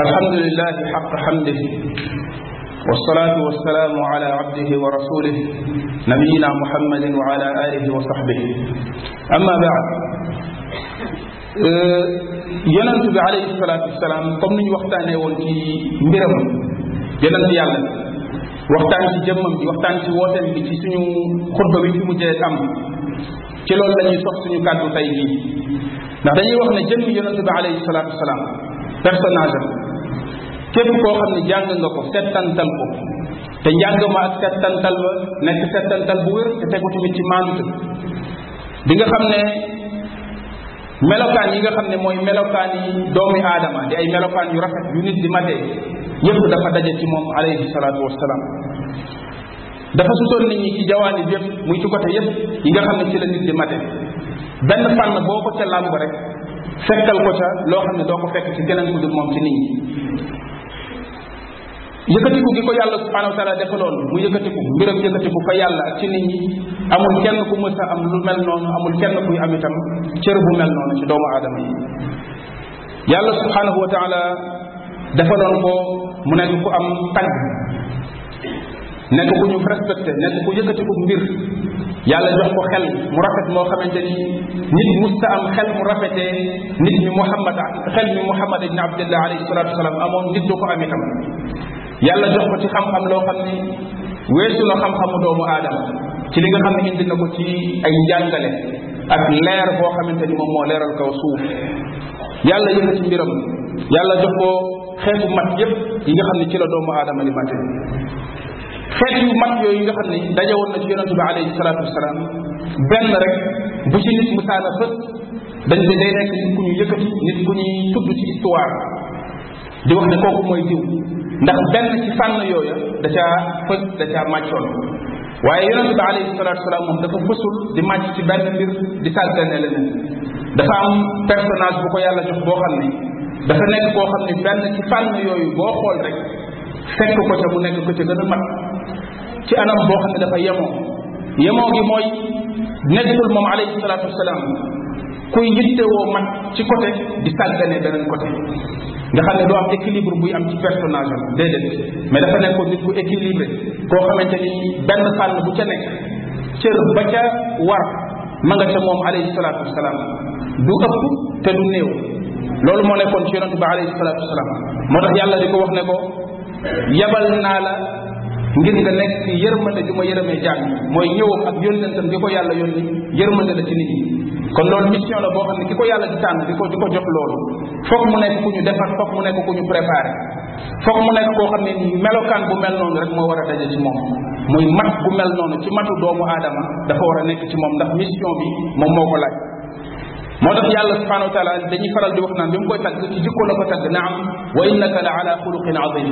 alhamdulilah xaq xamdi wasalaatu wasalaamu ala abdihi wa rasulih nabiyina muhammadin wa ala alihi wa saxbihi amma baad euh, yonent bi alayhi salaatu wasalaam comme ni ñu waxtaanee woon ci mbiram yonent yàlla waxtaan ci jëmmam bi waxtaan ci wooteem bi ci suñu xutba bi fi mujjee am ci loolu la ñuy sox suñu kàddu tey jii ndax dañuy wax ne jëmmi yonent bi alayhi salaatu wasalaam personnage am képp koo xam ne jàng nga ko settantal ko te njàng ma ak settantal ba nekk settantal bu wér te tegu tamit ci maandute bi nga xam ne melokaan yi nga xam ne mooy melokaan yi doomi aadama di ay melokaan yu rafet yu nit di matee yépp dafa daje ci moom alayhi salaatu wassalaam dafa sutoon nit ñi ci jawaanib yépp muy ci côté yépp yi nga xam ne ci la nit di mate benn fànn boo ko ca làmb rek fekkal ko ca loo xam ne doo ko fekk ci keneen ku dul moom ci nit yëkkatiku gi ko yàlla subhanahu wa taala defaloon mu yëkkatiku mbiram yëkkatiku fa yàlla ci nit ñi amul kenn ku mës a am lu mel noonu amul kenn kuy am itam cër bu mel noonu ci doomu adama yi yàlla subhanahu wa taala defaloon ko mu nekk ku am tagg nekk ku ñu respecté nekk ku yëkkatiku mbir yàlla jox ko xel mu rafet moo xamante ni nit musta am xel mu rafetee nit ñi muhammad xel mi muhammad ibn abdillah alayhi salatu wasalaam amoon nit du ko am itam yàlla jox ko ci xam-xam loo xam ni weesu na xam-xamu doomu aadama ci li nga xam ne indi na ko ci ay njàngale ak leer boo xamante ni moom moo leer kaw suuf yàlla yëngu ci mbiram yàlla jox ko xeetu mat yépp yi nga xam ne ci la doomu aadama ni mate xeet yu mag yooyu nga xam ne daje woon na ci yonente bi alayhi salaatu wasalaam benn rek bu ci nit musaana fës dañ ne day nekk nit ku ñu yëkkati nit ku ñuy tudd ci histoire di wax ne kooku mooy diw ndax benn ci fànn yooya da caa fës da waaye yonente bi alayhi moom dafa fësul di màcc ci benn mbir di saltane leneen dafa am personnage bu ko yàlla jox boo xam ne dafa nekk koo xam ne benn ci fànn yooyu boo xool rek fekk ko ca mu nekk ko ca gën a mat ci anam boo xam ne dafa yemoo yemoo gi mooy nekkul moom alayhi salaatu wasalaam kuy yittewoo mag ci côté di sàggane beneen côté nga xam ne doo am équilibre buy am ci personnage am déedéet mais dafa nekkoon nit ku équilibré koo xamante ni benn fànn bu ca nekk cër ba ca war ma nga ca moom alayhi salaatu wasalaam du ëpp te du néew loolu moo nekkoon ci yonente ba alayhi salaatu wasalaam moo tax yàlla di ko wax ne ko yabal naa la ngir nga nekk ci yërmande ju ma yërëmee jàng mooy ñëwam ak yónnentam bi ko yàlla yónni yërmande la ci nit ñi kon loolu mission la boo xam ne ki ko yàlla di tànn di ko di ko jox loolu foog mu nekk ku ñu defar foog mu nekk ku ñu préparé foog mu nekk koo xam ne melokaan bu mel noonu rek moo war a daje ci moom muy mat bu mel noonu ci matu doomu aadama dafa war a nekk ci moom ndax mission bi moom moo ko laaj moo tax yàlla subhanahu wa taala dañuy faral di wax naan bi mu koy jikko la ko tagg naam wa innaka la ala xuluqin azim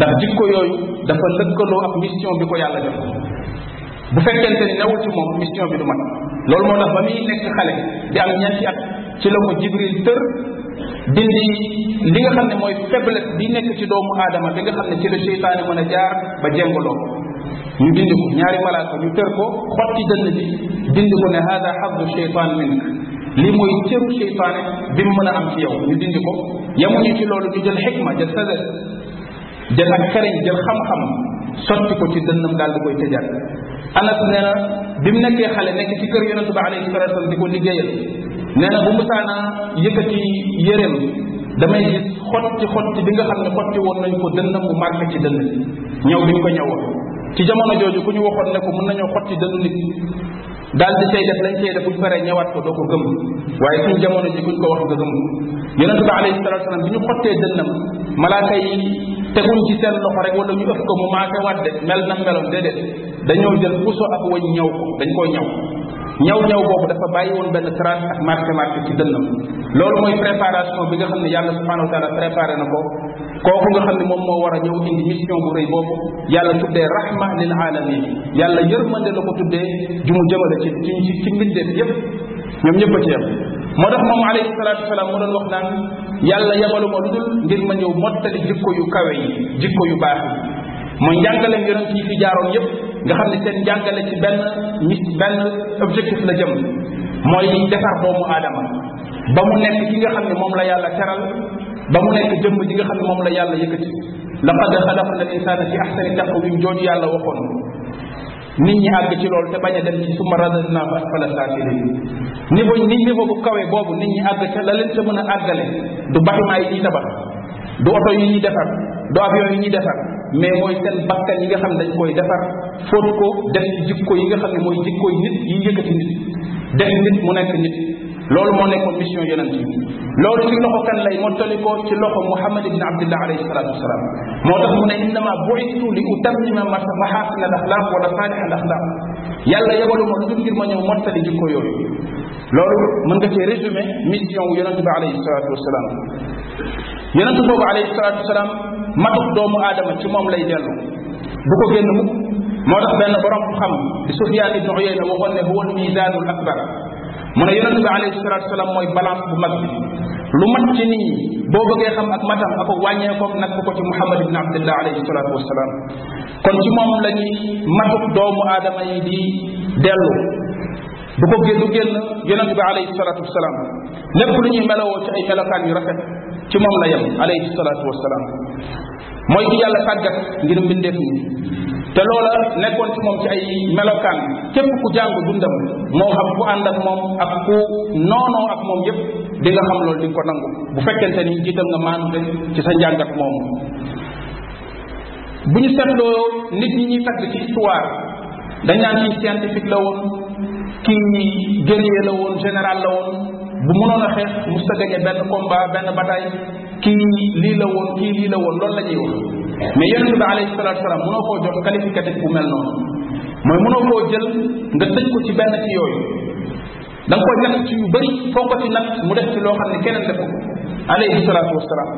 ndax jikko yooyu dafa lëkkaloo ak mission bi ko yàlla def bu fekkente ni newul ci moom mission bi du mat loolu moo tax ba muy nekk xale di am ñeenti at ci la ko jibril tër dindi li nga xam ne mooy faiblesse bi nekk ci doomu aadama bi nga xam ne ci la seytaane mën a jaar ba jengaloo ñu dindi ko ñaari malaaka ñu ko xotti dënn bi ko ne hada xabdu cheytaan li mooy cëru seytaane bi mu mën a am ci yow ñu dindi ko yemuñu ci loolu ñu jël xikma jël sagesse jël ak kariñ jël xam-xam sotti ko ci dënnam daal di koy tëjaat anas nee na bi mu nekkee xale nekk ci kër yonentu bi alayhi salatu wasallam di ko liggéeyal nee na bu musaana yëkkati yëreem damay gis xotti xotti bi nga xam ne xotti woon nañ ko dënnam mu marqué ci dënn ñëw bi ñu ko ñëwoon ci jamono jooju ku ñu waxoon ne ko mën nañoo xotti dëndu nit daal di cay def lañ cay def bu ñu paree ñëwaat ko doo ko gëm waaye suñu jamono ji kuñ ko wax nga gëm yonente bi alayhi salatu wasalam bi ñu xottee dënnam malaaka yi teguñ ci seen loxo rek wala ñu ëf ko mu maake wadde mel na meloon déedéet dañoo jël puso ak wañ ñëw ko dañ koo ñëw ñaw ñaw boobu dafa bàyyi woon benn trace ak marqué marqué ci dënnam loolu mooy préparation bi nga xam ne yàlla subhanahu wa taala na ko kooku nga xam ne moom moo war a ñëw indi mission bu rëy boobu yàlla tuddee rahma lil alamin yàlla de la ko tuddee ju mu jëmale ci ci ci yëpp ñoom ñëpp a ci yem moo tax moom alayhi salaatu wasalaam mu doon wax naan yàlla yabaluma lu dul ngir ma ñëw mottali jikko yu kawe yi jikko yu baax yi mooy njàngaleem yonent yi fi jaaroon yépp nga xam ne seen njàngale ci benn mis benn objectif la jëm mooy defar doomu aadama ba mu nekk ki nga xam ne moom la yàlla teral ba mu nekk jëmm ji nga xam ne moom la yàlla yëkkati laqad xalaqna al insana fi ahsani taqwim jooju yàlla waxoon nit ñi àgg ci lool te bañ a dem ci summa radadna fa asfala saafilin niveau ni niveau bu kawe boobu nit ñi àgg ca la leen ca mën a àggale du bâtiment yi ñuy tabax du oto yi ñuy defar du avion yi ñuy defar mais mooy seen bakkan yi nga xam ne dañ koy defar fóot ko def ci jikko yi nga xam ne mooy jikko yi nit yi yëkkati nit def nit mu nekk nit loolu moo nekkoon mission yonent yi loolu ci loxo kan lay mottali ko ci loxo Muhammad ibn Abdillah alayhi moo tax mu ne innama bu'istu li utammima mahasin al axlaq wala saalih al axlaq yàlla yebalu ma lu dul ngir ma ñëw mottali jikko yooyu loolu mën nga cee résumé mission wu yonent bi alayhi salatu wasalaam yonent boobu alayhi salatu wasalaam matuk doomu aadama ci moom lay dellu du ko génn mukk moo tax benn borom xam di Sufyaan ibn Uyayna waxoon ne huwa al misanul akbar mu ne yonente bi alayhi salatu mooy balance bu mag bi lu mat ci nit boo bëggee xam ak matam ak wàññeekoom nag ko ci muhammad ibn abdillah alayhi salatu wasalaam kon ci moom la ñuy doomu aadama yi di dellu bu ko génn du génn yonente bi alayhi salatu wasalaam lépp lu ñuy melowoo ci ay melokaan yu rafet ci moom la yem alayhi salaatu wasalaam mooy ki yàlla tàggat ngir mbindeef ñi te loola nekkoon ci moom ci ay melokaan képp ku jàng dundam moo xam ku ànd moom ak ku noonoo ak moom yëpp di nga xam loolu di ko nangu bu fekkente ni jiital nga maanute ci sa njàngat moomu bu ñu seetloo nit ñi ñuy tagg ci histoire dañ naan kii scientifique la woon kii guerrier la woon général la woon bu mënoon a xeex mus a gañe benn combat benn bataille kii lii la woon kii lii la woon loolu la ñuy wax mais yonente bi alayhi salatu salaam mënoo koo jox qualificatif bu mel noonu mooy mënoo koo jël nga tëj ko ci benn ci yooyu da nga koy ci yu bëri foo ko ci natt mu def ci loo xam ne keneen def ko alayhi salatu wasalaam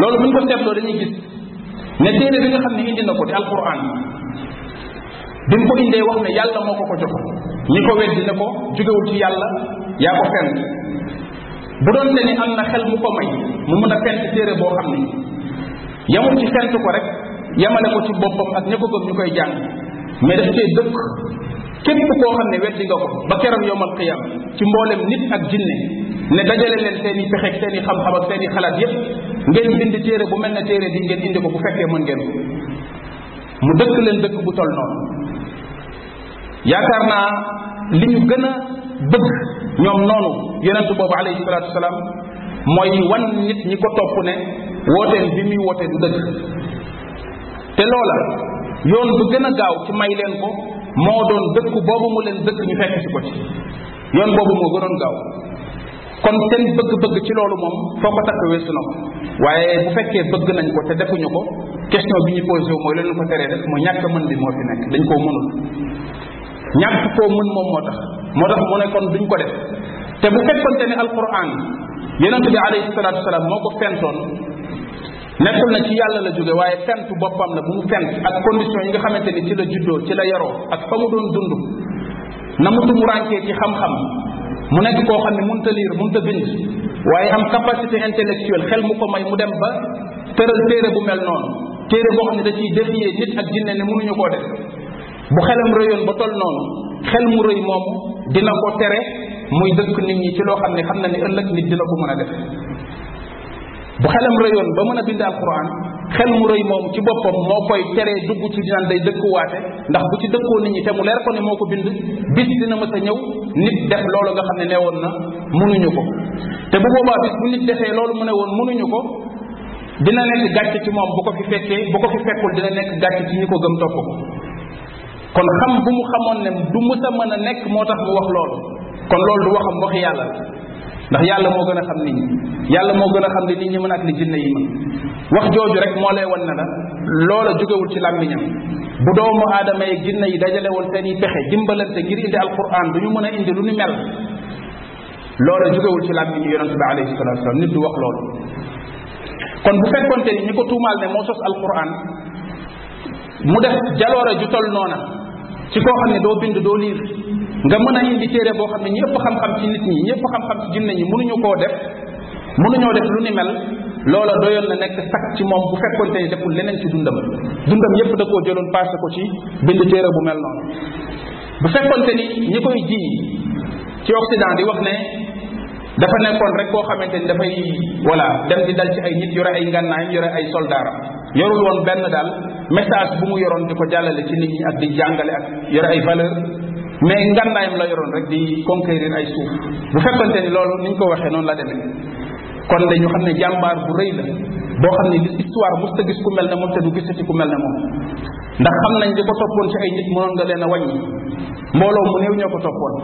loolu bu ñu def loo dañuy gis ne téere bi nga xam ne indi na ko di alquran bi mu ko indee wax ne yàlla moo ko ko jox ñi ko ne ko jógewul yàlla yaa ko bu doonte ni am na xel mu ko may mu mun a fent téere boo xam ne yamul ci fent ko rek yamale ko ci boppam ak ña ko gëm ñu koy jàng mais daf cee dëkk képp koo xam ne weddi nga ko ba keram yowmal qiyam ci mboolem nit ak jinne ne dajale leen seen i pexe seen i xam-xam ak seen i xalaat yépp ngeen bind téere bu mel ne téere bi ngeen indi ko bu fekkee mën ngeen mu dëkk leen dëkk bu tol noonu yaakaar naa li ñu gën a bëgg ñoom noonu yonent boobu alayhi salaatu wasalaam mooy wan nit ñi ko topp ne wooteen bi muy woote du dëgg te loola yoon bu gën a gaaw ci may leen ko moo doon dëkku boobu mu leen dëkk ñu fekk si ko ci yoon boobu moo gënoon gaaw kon seen bëgg-bëgg ci loolu moom foo ko takk weesu na ko waaye bu fekkee bëgg nañ ko te defuñu ko question bi ñu posé wu mooy leen ko teree def mu ñàkk mën bi moo fi nekk dañ koo mënul ñàkk koo mën moom moo tax moo tax mu ne duñ ko def te bu fekkonte ne alquran yonente bi alayhi salatu wasalaam moo ko fentoon nekkul na ci yàlla la jóge waaye fent boppam na bu mu fent ak condition yi nga xamante ni ci la juddoo ci la yaroo ak fa mu doon dund na mu tumurànkee ci xam-xam mu nekk koo xam ne munta liir munta bind waaye am capacité intellectuelle xel mu ko may mu dem ba tëral téere bu mel noonu téere boo xam ne da ciy défier nit ak jinne ne mënuñu koo def bu xelam rëyoon ba toll noonu xel mu rëy moom dina ko tere muy dëkk nit ñi ci loo xam ne xam na ne ëllëg nit dina ko mën a def bu xelam rëyoon ba mën a bind alquran xel mu rëy moom ci boppam moo koy teree dugg ci dinaan day dëkkuwaate ndax bu ci dëkkoo nit ñi te mu leer ko ne moo ko bind bis dina mës a ñëw nit def loolu nga xam ne nee woon na mënuñu ko te bu boobaa bis bu nit defee loolu mu ne woon mënuñu ko dina nekk gàcce ci moom bu ko fi fekkee bu ko fi fekkul dina nekk gàcce ci ñi ko gëm topp ko kon xam bu mu xamoon ne du musa man a nekk moo tax mu wax loolu kon loolu du waxam wax yàlla ndax yàlla moo gën a xam nit ñi yàlla moo gën a xam li nit ñi mën ak li jinne yi mën wax jooju rek moo lay wan ne la loola jógewul ci làmmiñam bu doomu aadama yeeg jinne yi dajale woon seen i pexe dimbalante ngir indi alquran du ñu mën a indi lu ni mel loola jógewul ci làmmiñu yonente bi alayhi salatu wasalam nit du wax loolu kon bu fekkonte ni ñi ko tuumaal ne moo sos alquran mu def jaloore ju tol noona ci koo xam ne doo bind doo liir nga mën a indi téere boo xam ne yëpp xam-xam ci nit ñi yëpp xam-xam ci jinne ñi mënuñu koo def mënuñoo def lu ni mel loola doyoon na nekk sax ci moom bu fekkonte ne deful leneen ci dundam dundam yépp da koo jëloon passé ko ci bind téere bu mel noonu bu fekkonte ni ñi koy ji ci Occident di wax ne dafa nekkoon rek koo xamante ni dafay voilà dem di dal ci ay nit yore ay ngànnaay yore ay soldaaram yorul woon benn daal message bu mu yoroon di ko jàllale ci nit ñi ak di jàngale ak yore ay valeur mais ngànnaayam la yoroon rek di conquérir ay suuf bu fekkonte ni loolu ni ñu ko waxee noonu la deme kon dañu xam ne jàmbaar bu rëy la boo xam ne li histoire mos ta gis ku mel ne moom te du gisati ku mel ne moom ndax xam nañ di ko toppoon ci ay nit mënoon nga leen wañ wàññi mbooloo mu néew ñoo ko toppoon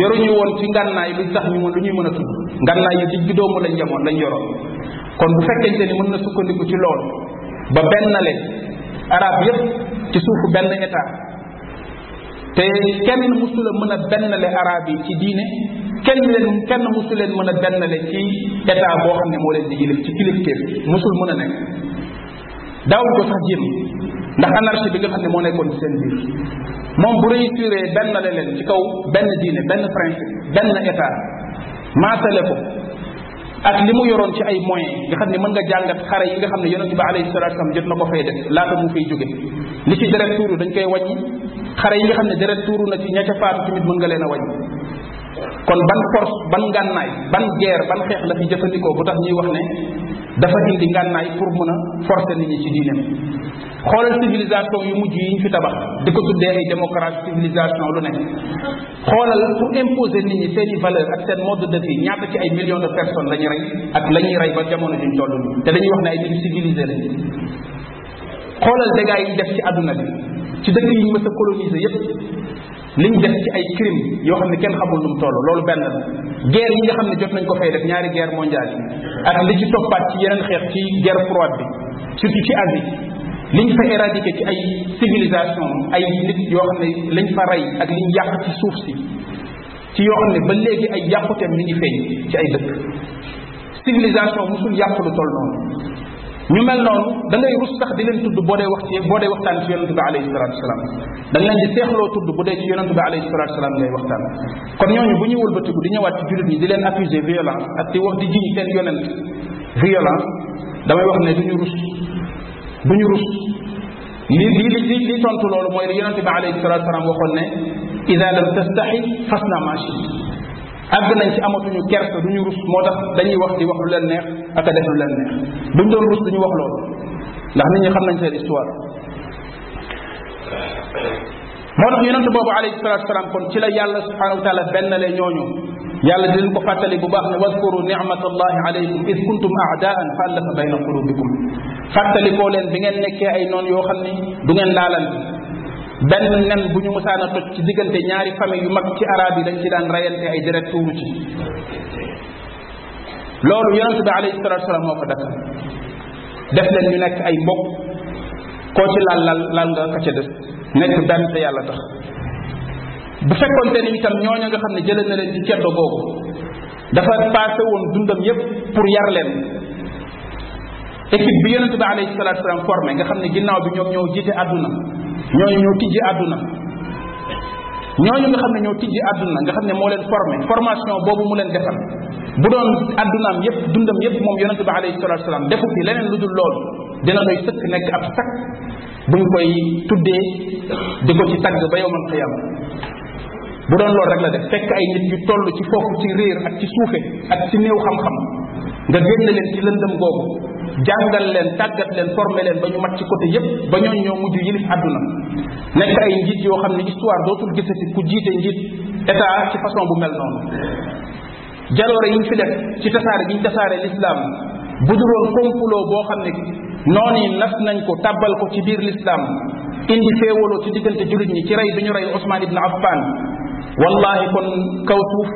yoruñu woon ci ngànnaay lu tax ñu mën lu ñuy mën a tudd ngànnaay yi digg doomu lañ yemoon lañ yoroon kon bu fekkente ni na sukkandiku ci loolu ba benn bennale arab yépp ci suufu benn état te kenn musula mën a benn bennale arab yi ci diine kenn leen kenn musu leen mën a benn bennale ci état boo xam ne moo leen di yilif ci kilifteef musul mën a nekk daw ko sax jéem ndax anarchie bi nga xam ne moo nekkoon ci seen biir moom bu réussiree bennale leen ci kaw benn diine benn principe benn état maasale ko ak li mu yoroon ci ay moyens nga xam ne mën nga jàngat xare yi nga xam ne yonente bi alayhi salatu wasalam jot na ko fay def laata mu fay jóge li ci deret tuuru dañ koy wàññi xare yi nga xam ne deret tuuru na ci ña ca faatu tamit mën nga leen a wàññi kon ban force ban ngànnaay ban guerre ban xeex la fi jëfandikoo bu tax ñuy wax ne dafa indi ngànnaay pour mën a forcer nit ñi ci diineem xoolal civilisation yu mujj yi ñu fi tabax di ko tuddee ay démocratie civilisation lu nekk xoolal pour imposer nit ñi seen i valeur ak seen mode de vie ci ay millions de personnes la ñu rey ak la ñuy rey ba jamono juñ toll te dañuy wax ne ay nit civilisé lañ xoolal dégâts yi def ci àdduna bi ci dëkk yi ñu mës a coloniser yépp liñ def ci ay crime yoo xam ne kenn xamul nu mu toll loolu benn la guerre yi nga xam ne jot nañ ko fay def ñaari guerre mondiale yi ak li ci toppaat ci yeneen xeex ci guerre froide bi surtout ci Asie liñ fa éradiqué ci ay civilisation ay nit yoo xam ne liñ fa rey ak liñ yàq ci suuf si ci yoo xam ne ba léegi ay yàquteem mi ngi feeñ ci ay dëkk civilisation musul yàq lu toll noonu ñu mel noonu da ngay rus sax di leen tudd boo dee wax ci boo dee waxtaan ci yonente bi alayhi salatu wasalaam da nga leen bu dee ci yonente bi alayhi salatu wasalaam ngay waxtaan kon ñooñu bu ñuy wëlbatiku di ñëwaat ci jullit di leen accuser violence ak di wax di jiñ seen yonent violence damay wax ne du ñu rus du ñu rus li li li li tontu loolu mooy li yonente bi alayhi salatu wasalaam waxoon ne ida lam tastaxi fasna ma shit àgg nañ ci amatuñu du ñu rus moo tax dañuy wax di wax lu leen neex ak a def lu leen neex duñ doon rus duñu wax lool ndax nit ñi xam nañ seen histoire moo tax yonente boobu alayhi salatu wasalaam kon ci la yàlla subhanahu wa taala benn le ñooñu yàlla di leen ko fàttali bu baax ne waskuru nicmatallahi alaykum id kuntum aadaan fa allafa bayna qulubikum fàttalikoo leen bi ngeen nekkee ay noon yoo xam ni du ngeen laalante benn nen bu ñu musaan a toj ci diggante ñaari famille yu mag ci araab yi dañ ci daan rayante ay deret tuuru ci loolu yonente bi alayhi salatu wasalaam moo leen ñu nekk ay mbokk koo ci laal lal lal nga ka ca des nekk benn te yàlla tax bu fekkoonte ni itam ñooñu nga xam ne jëlee na leen ci ceddo googu dafa passé woon dundam yépp pour yar leen équipe bi yonente bi alayhi salatu salaam nga xam ne ginnaaw bi ñoom ñoo jiite àdduna ñooñu ñoo tijji àdduna ñooñu nga xam ne ñoo tijji àdduna nga xam ne moo leen formé formation boobu mu leen defal bu doon àddunaam yépp dundam yépp moom yonente bi alayhi salatu salaam defu fi leneen lu dul loolu dina nuy sëkk nekk ab bu ñu koy tuddee di ko ci tagg ba yowmal qiyama bu doon lool rek la def fekk ay nit yu toll ci foofu ci réer ak ci suufe ak ci néew xam-xam nga génn leen ci lëndëm googu jàngal leen tàggat leen former leen ba ñu mat ci côté yépp ba ñooñ ñoo mujj yilif àdduna nekk ay njiit yoo xam ne histoire dootul gisati ku jiite njiit état ci façon bu mel noonu jaloore yi ñu fi ci tasaare bi ñu tasaare l'islam bu duroon complot boo xam ne noonu yi nas nañ ko tàbbal ko ci biir l'islam indi féewaloo ci diggante jullit ñi ci rey bi ñu rey Ousmane ibn Affan wallahi kon kaw suuf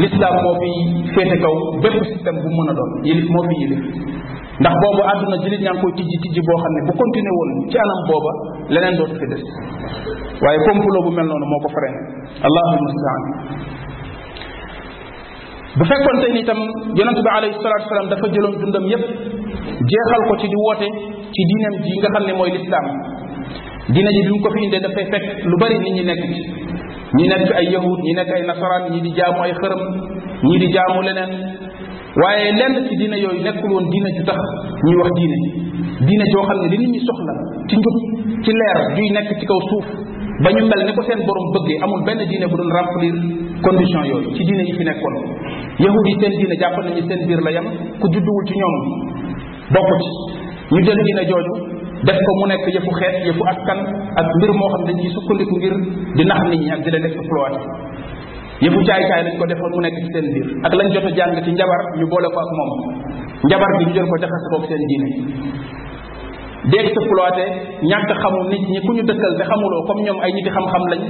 l'islam moo fi féete kaw bépp système bu mën a doon yilif moo ndax boobu àdduna jullit ñaa ngi koy tijji tijji boo xam ne bu continuer woon ci anam booba leneen dootu fi des waaye complot bu mel noonu moo ko freiné allahul mustaan bu fekkoon tey itam yonent bi alayhi salatu wasalaam dafa jëloon dundam yépp jeexal ko ci di woote ci diinam ji nga xam ne mooy lislaam diina ji bi mu ko fi indee dafay fekk lu bari nit ñi nekk ci ñi nekk ay yahud ñi nekk ay nasaraan ñi di jaamu ay xërëm ñi di jaamu leneen waaye lenn ci diine yooyu nekkul woon diine ju tax ñuy wax diine diine joo xam ne li nit ñi soxla ci njub ci leer juy nekk ci kaw suuf ba ñu mel ni ko seen borom bëggee amul benn diine bu doon remplir condition yooyu ci diine yi fi nekkoon yahud yi seen diine jàpp nañu seen biir la yam ku judduwul ci ñoom bokk ci ñu jël diine jooju def ko mu nekk yëfu xeet yëfu askan ak mbir moo xam dañuy sukkandiku ngir di nax nit ñi ak di leen exploité yëfu caay-caay lañ ko defoon mu nekk ci seen biir ak lañ jot a jàng ci njabar ñu boole ko ak moom njabar bi ñu jël ko jaxase ko ak seen diine di exploité ñàkk xamu nit ñi ku ñu dëkkal te xamuloo comme ñoom ay niti xam-xam lañ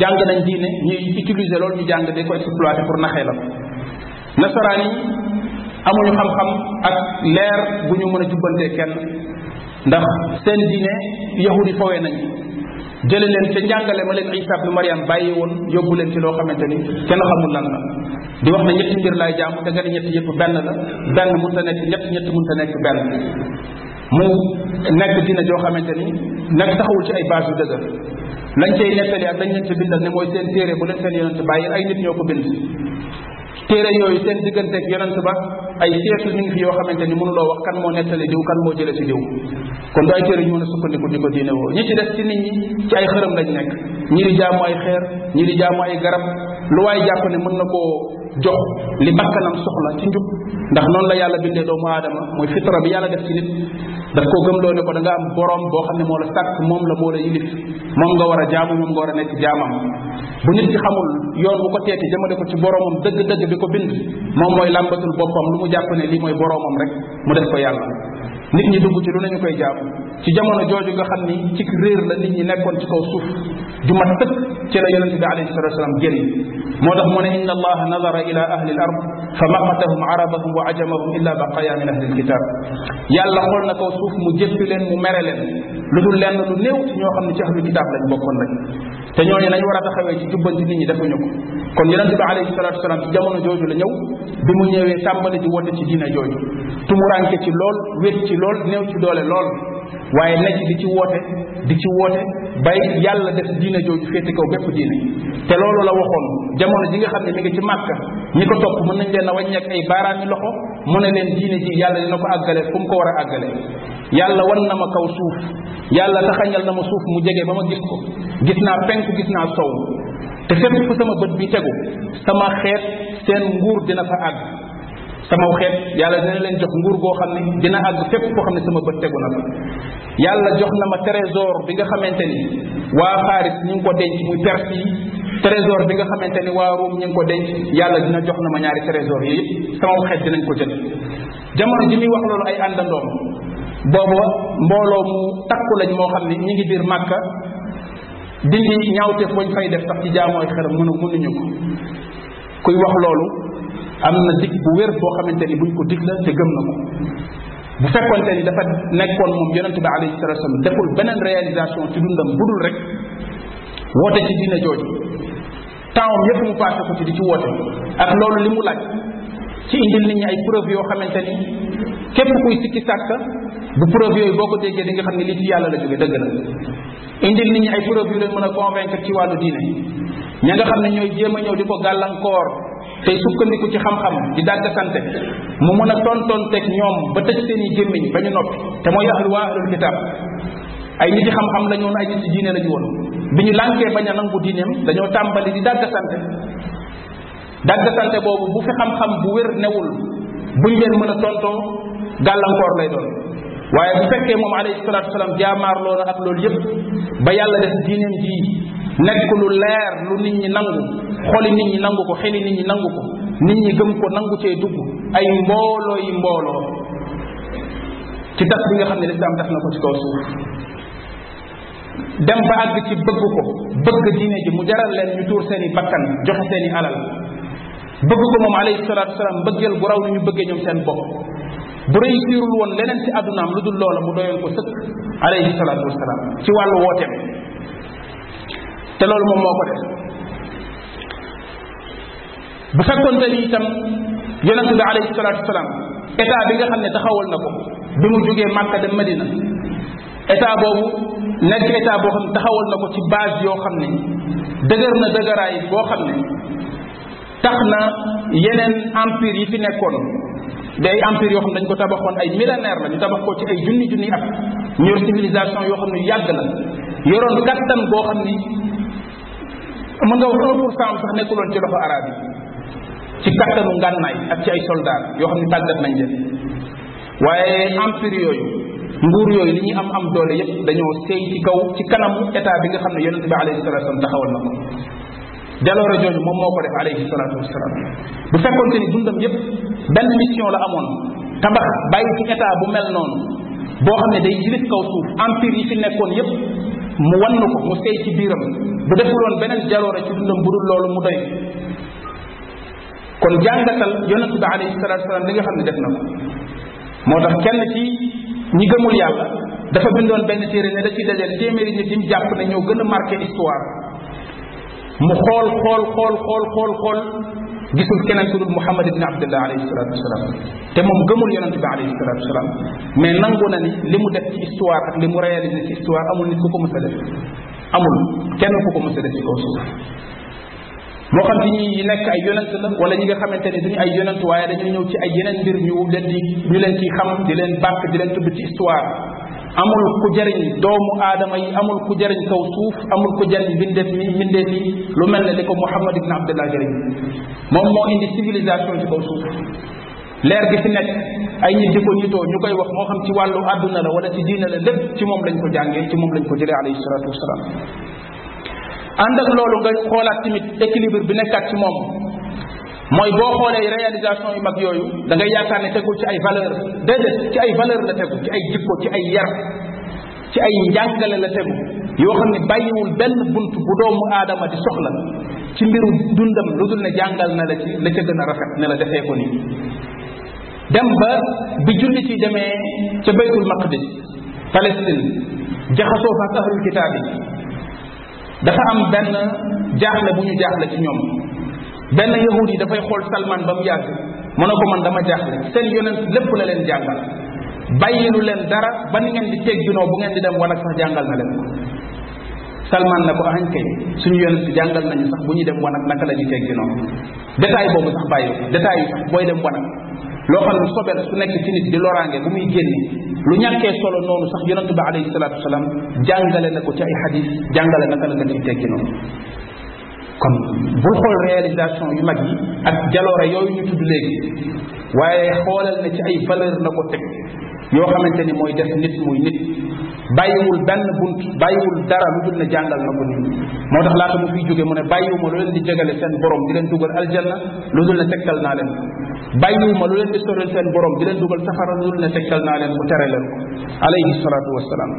jàng nañ diine ñuy utiliser loolu ñu jàng di ko exploité pour naxee la nasaraan yi amuñu xam-xam ak leer bu ñu mën a jubbantee kenn ndax seen diine yahudi fowee nañ jële leen ca njàngale ma leen Isa ibnu Maryam bàyyi woon yóbbu leen ci loo xamante ni kenn xamul lan la di wax ne ñetti mbir laay jaamu te nga ne ñetti yëpp benn la benn mënta nekk ñett ñett mënta nekk benn mu nekk dina joo xamante ni nag taxawul ci ay base yu dëgër lañ cay nettali ak lañ leen ci bindal ne mooy seen téere bu leen seen yonent bàyyi ay nit ñoo ko bind téere yooyu seen digganteeg yonent ba ay siècle mi ngi fi yoo xamante ni mënuloo wax kan moo nettali diw kan moo jële ci diw kon du ay téere ñu mën a sukkandiku di ko diine woo ñi ci des ci nit ñi ci ay xërëm lañ nekk ñi di jaamu ay xeer ñi di jaamu ay garab lu waaye jàpp ne mën na koo jox li bakkanam la ci njub ndax noonu la yàlla bindee doomu aadama mooy fitra bi yàlla def ci nit daf koo gëmloo ne ko da nga am borom boo xam ne moo la sàkk moom la moo la yilif moom nga war a jaamu moom nga war a nekk jaamam bu nit ki xamul yoon bu ko teeti jëmale ko ci boromam dëgg-dëgg bi ko bind moom mooy làmbatul boppam lu mu jàpp ne lii mooy boromam rek mu def ko yàlla nit ñi dugg ci lu ne ñu koy jaamu ci jamono jooju nga xam ni ci réer la nit ñi nekkoon ci kaw suuf ju mat sëkk ci la yonente bi alayhi salatu wasalam génn moo tax mu ne inna allaha nadara ila ahli al ard fa maqatahum arabahum wa ajamahum illa baqaya min ahli alkitab yàlla xool na kaw suuf mu jëppi leen mu mere leen lu dul lenn lu néew ci ñoo xam ne ci ahlu kitaab lañ bokkoon lañ te ñooñu nañ war a taxawee ci jubbanti nit ñi defuñu ko kon yonente bi alayhi salatu wasalam jamono jooju la ñëw bi mu ñëwee tàmbali di wote ci diina jooju tumuranke ci lool wét ci lool néew ci doole lool waaye nekk di ci woote di ci woote bay yàlla def diine jooju féete kaw bépp diine te loolu la waxoon jamono ji nga xam ne mi ngi ci màkka ñi ko topp mun nañ leen a wàññeek ay baaraami loxo mu ne leen diine ji yàlla dina ko àggale fu mu ko war a àggale yàlla wan na ma kaw suuf yàlla taxañal na ma suuf mu jege ba ma gis ko gis naa penku gis naa sow te fépp fu sama bët bi tegu sama xeet seen nguur dina fa àgg sama xeet yàlla dina leen jox nguur goo xam ne dina àgg fépp koo xam ne sama bët tegu na fa yàlla jox na ma trésor bi nga xamante ni waa Faris ñu ngi ko denc muy Perse trésor bi nga xamante ni waa Rome ñu ngi ko denc yàlla dina jox na ma ñaari trésor yi yëpp sama xeet dinañ ko jël jamono ji muy wax loolu ay àndandoom booba mbooloo mu takku lañ moo xam ne ñi ngi biir Màkka dindi ñaawteef bañ fay def sax ci jaamoo xelam mënu mënuñu ko kuy wax loolu am na dig bu wér boo xamante ni buñ ko dig la te gëm na ko bu fekkonte ni dafa nekkoon moom yonente bi alayhi salatu wasallam deful beneen réalisation ci dundam budul rek woote ci diina jooju tempsam yépp mu passé ko ci di ci woote ak loolu li mu laaj ci indil nit ñi ay preuve yoo xamante ni képp kuy sikki sàkk bu preuve yooyu boo ko déggee di nga xam ne lii ci yàlla la jóge dëgg la indil nit ñi ay preuve yu mën a convaincre ci wàllu diine ña nga xam ne ñooy jéem a ñëw gàllankoor tey sukkandiku ci xam-xam di dàggasante mu mën a tontonteeg ñoom ba tëj seen yi gémmiñ ba ñu noppi te mooy ahlu waa ahlul kitab ay nit yi xam-xam la woon ay nit ci diine la ñu woon bi ñu lànkee bañ a nangu diineem dañoo tàmbali di dàggasante dàggasante boobu bu fi xam-xam bu wér newul buñ leen mën a tontoo gàllankoor lay doon waaye bu fekkee moom alayhi salaatu wasalaam jaamaarloo ak loolu yépp ba yàlla def diineem jii nekk lu leer lu nit ñi nangu xoli nit ñi nangu ko xeli nit ñi nangu ko nit ñi gëm ko nangu cee dugg ay mbooloo yi mbooloo ci tas bi nga xam ne lislaam def na ko ci kaw suuf dem ba àgg ci bëgg ko bëgg diine ji mu jaral leen ñu tuur seeni bakkan joxe seeni alal bëgg ko moom alayhi salaatu wasalaam mbëggeel gu raw ni ñu bëggee ñoom seen bopp bu réussirul woon leneen ci àddunaam lu dul loola mu doyoon ko sëkk alayhi salaatu wasalaam ci wàllu wooteem te loolu moom moo ko def bu fekkoon te ni itam yonente bi alayhi salaatu wasalaam état bi nga xam ne taxawal na ko bi mu jógee Màkka dem Madina état boobu nekk état boo xam ne taxawal na ko ci base yoo xam ne dëgër na dëgëraay boo xam ne tax na yeneen empire yi fi nekkoon di ay empire yoo xam ne dañ ko tabaxoon ay millénaire la ñu tabax ko ci ay junni junni at ñu yor civilisation yoo xam ne yàgg na yoroon kattan boo xam ni mën nga wax un pour cent sax nekkuloon ci loxo arabe yi ci kattanu ngànnaay ak ci ay yoo xam ne tàggat nañ leen waaye empire yooyu nguur yooyu li ñuy am am doole yépp dañoo seey ci kaw ci kanamu état bi nga xam ne yonent bi alayhi salatu wasalam taxawal na ko jaloore jooju moom moo ko def alayhi salatu wasalam bu fekkonte ni dundam yépp benn mission la amoon tabax bàyyi ci état bu mel noonu boo xam ne day yilif kaw suuf empire yi fi nekkoon yépp mu wann ko mu seey ci biiram bu defuloon beneen jaloore ci dundam budul loolu mu doy kon jàngatal yonentu bi alayhi salatu salaam li nga xam ne def na ko moo tax kenn ci ñi gëmul yàlla dafa bindoon benn téere ne da ci dajeel téeméeri nit yi mu jàpp ne ñoo gën a marqué histoire mu xool xool xool xool xool xool gisul keneen ku dul Muhammad ibn Abdullah alayhi salatu wasalaam te moom gëmul yonent bi alayhi salatu wasalaam mais nangu na ni li mu def ci li mu réalisé ci histoire amul nit ku ko mës a amul kenn ku ko mës a def ci kaw suuf moo xam ci ñi nekk ay yonent la wala ñi nga xamante ni duñu ay yonent waaye dañuy ñëw ci ay yeneen mbir ñu leen di ñu leen ciy xam di leen bàkk di leen tudd ci histoire amul ku jariñ doomu aadama yi amul ku jariñ kaw suuf amul ku jariñ bindeef mi mbindeef yi lu mel ne li ko Muhammad ibn Abdullah jariñ moom moo indi civilisation ci kaw suuf leer gi fi nekk ay nit di ko nitoo ñu koy wax moo xam ci wàllu àdduna la wala ci diina la lépp ci moom lañ ko jàngee ci moom lañ ko jëlee alayhi salaatu wasalaam ànd ak loolu nga xoolaat tamit équilibre bi nekkaat ci moom mooy boo xoolee réalisation yu mag yooyu da ngay yaakaar ne tegul ci ay valeur déedéet ci ay valeur la tegu ci ay jikko ci ay yar ci ay njàngale la tegu yoo xam ne bàyyiwul benn bunt bu doomu aadama di soxla ci mbiru dundam lu dul ne jàngal na la ci la ca gën a rafet ne la defee ko nii dem ba bi jullit yi demee ca baytul maqdis Palestine jaxasoo fa ak ahlul kitaab yi dafa am benn jaaxle bu ñu jaaxle ci ñoom benn yahud yi dafay xool Salman ba mu yàgg mu ne ko man dama jaaxle seen yonent lépp la leen jàngal bàyyilu leen dara ba ni ngeen di tegginoo bu ngeen di dem wala sax jàngal na leen ko Salman na ko añ kay suñu yonent jàngal nañu sax bu ñuy dem wanag naka la ñuy tegginoo détail boobu sax bàyyi détail yi sax booy dem wanag loo xam ne sobel su nekk ci nit di loraange bu muy génne lu ñàkkee solo noonu sax yonent bi alayhi salaatu wasalaam jàngale na ko ci ay xadis jàngale naka la nga ciy tegginoo kon bul xool réalisation yu mag yi ak jaloore yooyu ñu tudd léegi waaye xoolal na ci ay valeur na ko teg yoo xamante ni mooy def nit muy nit bàyyiwul benn bunt bàyyiwul dara lu dul ne jàngal na ko nit moo tax laa mu fiy jóge mu ne bàyyiwuma lu leen di jegale seen borom di leen dugal aljanna lu dul ne tegtal naa leen bàyyiwuma lu leen di soril seen borom di leen dugal safara lu dul ne tegtal naa leen mu tere leen ko alayhi salaatu wasalaam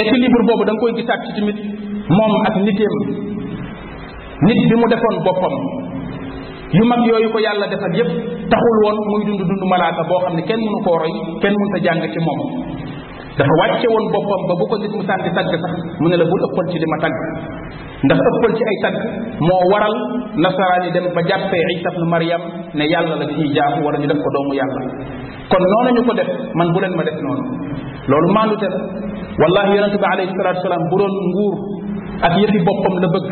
équilibre boobu da moom ak nitéem nit bi mu defoon boppam yu mag yooyu ko yàlla defal yépp taxul woon muy dund dund malaaka boo xam ne kenn mënu koo roy kenn mënu ta jàng ci moom dafa wàcce woon boppam ba bu ko nit mu sànni tagg sax mu ne la bul ëppal ci li ma tagg ndax ëppal ci ay tagg moo waral nasaraan yi dem ba jàppee Isa ibn Maryam ne yàlla la ñuy jaamu wala ñu def ko doomu yàlla kon noonu ñu ko def man bu leen ma def noonu loolu maandute la wallahi yonente bi alayhi salatu wasalaam bu doon nguur ak yëfi boppam la bëgg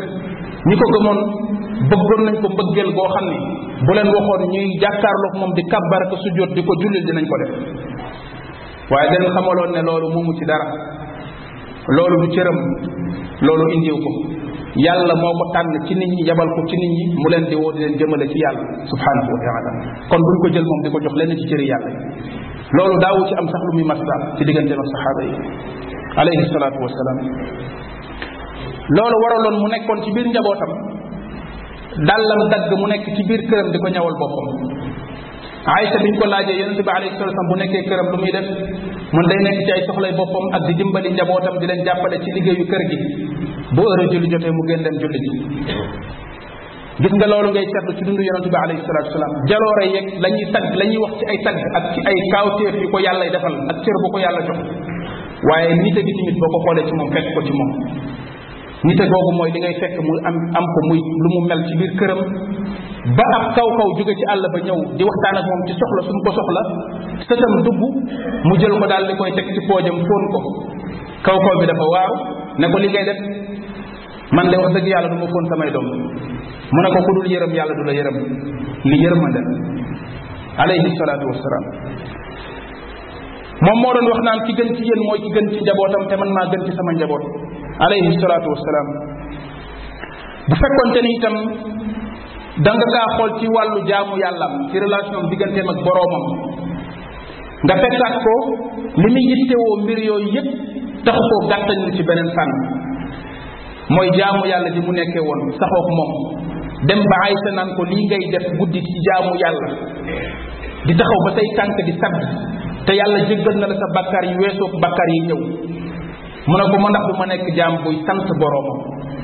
ñi ko gëmoon bëggoon nañ ko mbëggeel goo xam ni bu leen waxoon ñuy jàkkaarloog moom di kàbbar ak sujjóot di ko jullil dinañ ko def waaye da leen xamaloon ne loolu moomu ci dara loolu du cëram loolu indiw ko yàlla moo ko tànn ci nit ñi yabal ko ci nit ñi mu leen di woo di leen jëmale ci yàlla subhanahu wa taala kon buñ ko jël moom di ko jox lenn ci cëri yàlla yi loolu daawu ci am sax lu muy maslaam ci diggante ak saxaaba yi alayhi salaatu wasalaam loolu waraloon mu nekkoon ci biir njabootam dàllam dagg mu nekk ci biir këram di ko ñawal boppam Aysa biñ ko laajee yenn bi alayhi salatu wasallam bu nekkee këram lu muy def mun day nekk ci ay soxlay ak di dimbali njabootam di leen jàppale ci liggéeyu kër gi bu heure julli jotee mu génn dem julli ji gis nga loolu ngay seetlu ci dundu yonente bi alayhi salatu wasalam jaloore yeeg la ñuy tagg la ñuy wax ay tagg ak ci ay kaawteef yu ko yàlla defal ak cër bu ko yàlla jox waaye nite gi tamit boo ko xoolee ci moom fekk ko ci moom nite googu mooy li ngay fekk mu am am ko muy lu mu mel ci biir këram ba ab kaw kaw jóge ci àll ba ñëw di waxtaan ak moom ci soxla suñ ko soxla sëtam dugg mu jël ko daal di koy teg ci poojam fóon ko kaw kaw bi dafa waaw ne ko li ngay def man de wax dëgg yàlla du ma fóon samay doom mu ne ko ku dul yërëm yàlla du la yërëm li yërmande alayhi salaatu wasalaam moom moo doon wax naan ki gën ci yéen mooy ki gën ci njabootam te man maa gën ci sama njaboot alayhi salaatu wasalaam bu fekkonte ni itam da nga kaa xool ci wàllu jaamu yàllam ci relation am digganteem ak boroomam nga fekkaat ko li muy yittewoo mbir yooyu yépp taxu ko gàttañ lu ci beneen fànn mooy jaamu yàlla ji mu nekkee woon saxook moom dem ba aysa naan ko lii ngay def guddi ci jaamu yàlla di taxaw ba say tànk di sadd te yàlla jéggal na la sa bàkkaar yi weesoog bàkkaar yi ñëw mu ne ko mu ndax du ma nekk jaam buy sant boroomam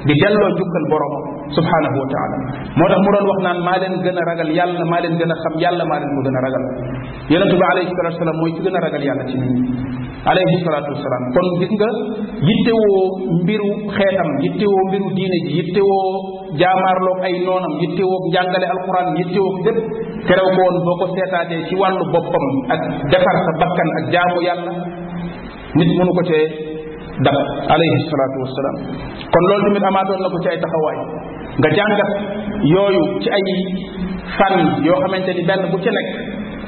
di delloo njukkal boroomam subhaanahu wa taala moo tax mu doon wax naan maa leen gën a ragal yàlla maa leen gën a xam yàlla maa leen ko gën a ragal yonente bi mooy ci gën a yàlla ci nit ñi kon gis nga yittewoo mbiru xeetam yittewoo mbiru diine ji yittewoo jaamaarloog ay noonam yittewoo njàngale alquran yittewoo lépp terew ko woon boo ko seetaatee ci wàllu boppam ak defar sa bakkan ak jaamu yàlla nit mënu ko cee dab alayhi salaatu salaam kon loolu tamit amaatoon na ko ci ay taxawaay nga jàngat yooyu ci ay fànn yoo xamante ni benn bu ci nekk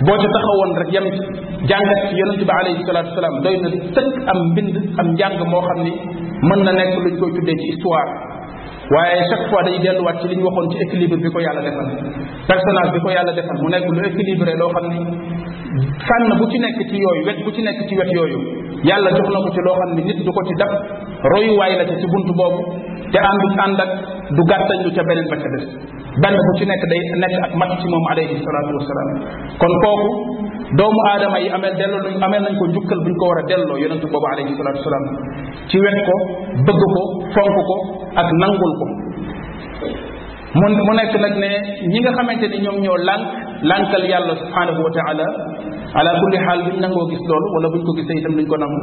boo ci taxawoon rek yam jàngat ci yonente bi alayhi salaatu wasalaam doy na am mbind am njàng moo xam ni mën na nekk luñ koy tuddee ci histoire waaye chaque fois day delluwaat ci li ñu waxoon ci équilibre bi ko yàlla defal personnage bi ko yàlla defal mu nekk lu équilibré loo xam ni fànn bu ci nekk ci yooyu wet bu ci nekk ci wet yooyu yàlla jox na ko ci loo xam ni nit du ko ci dab royuwaay la ci ci bunt boobu te ànd ànd ak du gàttañ lu ca beneen ba ca des benn bu ci nekk day nekk ak mat ci moom alayhi salaatu wasalaam kon kooku doomu aadama yi amee delloo luñ amee nañ ko njukkal buñ ko war a delloo yonentu boobu alayhi salaatu wasalaam ci wet ko bëgg ko fonk ko ak nangul ko mu mu nekk nag ne ñi nga xamante ni ñoom ñoo lànk lànkal yàlla subhanahu wa taala ala kulli xaal buñ nangoo gis loolu wala buñ ko gis gisee itam duñ ko nangu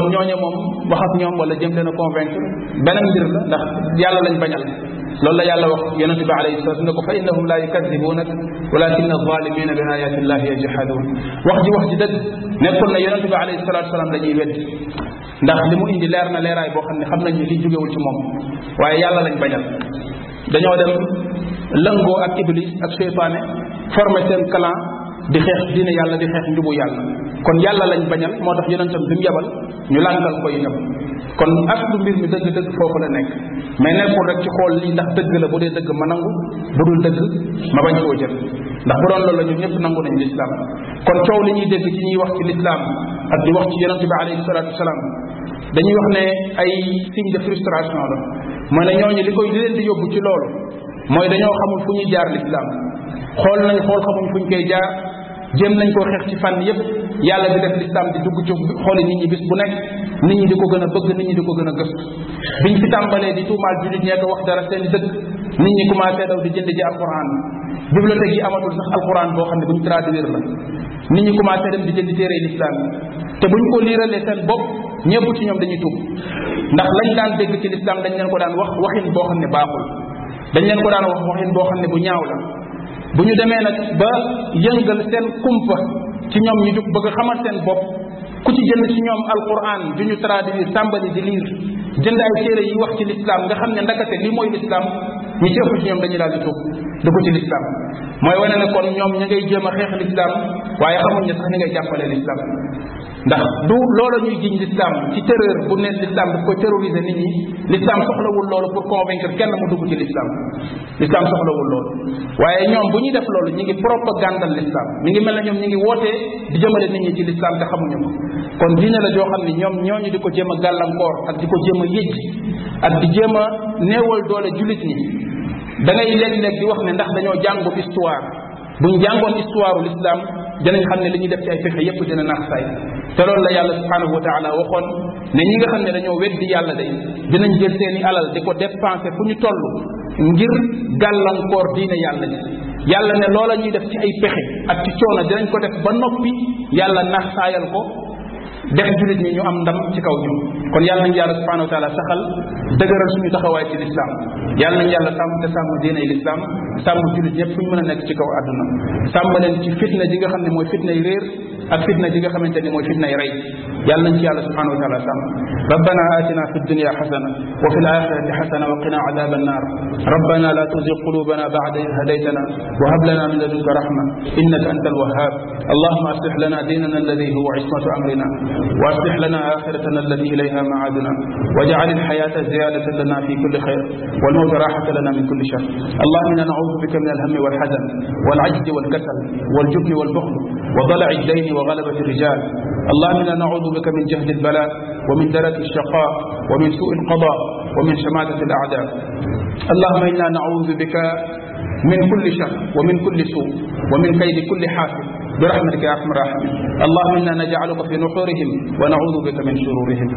mu ñooñe moom wax ak ñoom wala jëm leen a convaincre beneen mbir la ndax yàlla lañ bañal loolu la yàlla wax yonent bi alayhi salatu ne ko fa innahum la yukadibunak walakin alzalimina bi ayati illahi yajhadun wax ji wax ji dëgg nekkul ne yonent bi alayhi salatu wasalaam la ñuy weddi ndax li mu indi leer na leeraay boo xam ne xam nañ ne li jógewul ci moom waaye yàlla lañ bañal dañoo dem lëngoo ak iblis ak seytaane formé seen clan di xeex diine yàlla di xeex njubu yàlla kon yàlla lañ bañal moo tax yonentam bi mu yabal ñu làngal ko itam kon aslu mbir mi dëgg-dëgg foofu la nekk mais nekkul rek ci xool lii ndax dëgg la bu dee dëgg ma nangu bu dul dëgg ma bañ koo jël ndax bu doon loolu la ñun ñëpp nangu nañ lislaam kon coow li ñuy dégg ci ñuy wax ci lislaam ak di wax ci yonent bi alayhi salaatu wasalaam dañuy wax ne ay signe de frustration la mooy ne ñooñu li koy li leen di yóbbu ci loolu mooy dañoo xamul fu ñuy jaar lislaam xool nañ xool xamuñ fu ñu koy jaar jéem nañ koo xeex ci fànn yépp yàlla di def lislaam di dugg ci xooli nit ñi bis bu nekk nit ñi di ko gën a bëgg nit ñi di ko gën a gëstu biñ fi tàmbalee di tuumaal jullit ñee ko wax dara seen dëgg nit ñi commencé daw di jënd ji alquran bibliothèque yi amatul sax alquran boo xam ne bu ñu traduire la nit ñi commencé dem di jënd téere l'islam te bu ñu ko liiralee seen bopp ñëpp ci ñoom dañuy tuub ndax lañ daan dégg ci l'islam dañ leen ko daan wax waxin boo xam ne baaxul dañ leen ko daan wax waxin boo xam ne bu ñaaw la bu ñu demee nag ba yëngal seen kumpa ci ñoom ñu jug bëgg xamal seen bopp ku ci jënd ci ñoom alquran du ñu traduire tàmbali di jënd ay téere yi wax ci lislaam nga xam ne ndakate li mooy lislaam ñi ci ëpp ci ñoom dañuy daal di tuub dugg ci lislaam mooy wane ne kon ñoom ñi ngay jéem a xeex lislaam waaye xamuñ ne sax ñi ngay jàppale lislaam ndax du loola ñuy giñ lislaam ci terreur bu ne lislaam daf koy terroriser nit ñi lislaam soxlawul loolu pour convaincre kenn mu dugg ci lislaam lislaam soxlawul loolu waaye ñoom bu ñuy def loolu ñu ngi propagandal lislaam mu ngi mel ne ñoom ñu ngi wootee di jëmale nit ñi ci lislaam te xamuñu ko kon diine la joo xam ne ñoom ñooñu di ko jéem a gàllankoor ak di ko jéem a yëj ak di jéem a néewal doole jullit ñi da ngay léeg-léeg di wax ne ndax dañoo jàngu histoire buñ jàngoon histoire u l'islam dinañ xam ne li ñuy def ci ay fexe yépp dina naax say te loolu la yàlla subhanahu wa taala waxoon ne ñi nga xam ne dañoo weddi yàlla day dinañ jël seeni alal di ko def dépenser fu ñu toll ngir gàllankoor diine yàlla ji yàlla ne loola ñuy def ci ay pexe ak ci coono dinañ ko def ba noppi yàlla nax saayal ko def jullit ñi ñu am ndam ci kaw ñu kon yàlla nañ yàlla subhanahu wa taala saxal dëgëral suñu taxawaay ci lislaam yàlla nañ yàlla sàmm te sàmm diine yi lislaam sàmm jullit ñëpp fu ñu mën a nekk ci kaw àdduna sàmm leen ci fitna ji nga xam ne mooy fitna yi réer ak fitna ji nga xamante ni mooy fitna yi rey yàlla nañ ci yàlla subhanahu wa taala sàmm rabbana atina fi dunia xasana wa fi alaxirati xasana wa qina adaba annar rabbana la tuzig qulubana bacda id hadaytana wa hab lana min ladunka rahma innaka anta alwahab allahuma aslix lana dinana alladi huwa ismatu amrina wa aslix lana axiratana allati ilayha maaduna wajcal alxayata ziyadatan lana fi kulli xayr والموت راحة لنا من كل شر اللهم إنا نعوذ بك من الهم والحزن والعجز والكسل والجبن والبخل وضلع الدين وغلبة الرجال allahumma na'uudu bika min jahdi al-balaa wa min daraki ash-shaqaa wa min suu'i al-qadaa wa min shamaatati al-a'daa allahumma innaa na'uudu bika min kulli shar wa min kulli suu wa min kaydi kulli xaasid برحمتك يا ارحم الراحمين اللهم انا نجعلك في نحورهم ونعوذ بك من شرورهم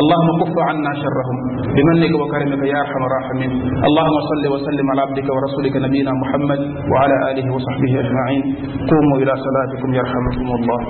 اللهم كف عنا شرهم بمنك وكرمك يا ارحم الراحمين اللهم صل وسلم على عبدك ورسولك نبينا محمد وعلى اله وصحبه اجمعين قوموا الى صلاتكم يرحمكم الله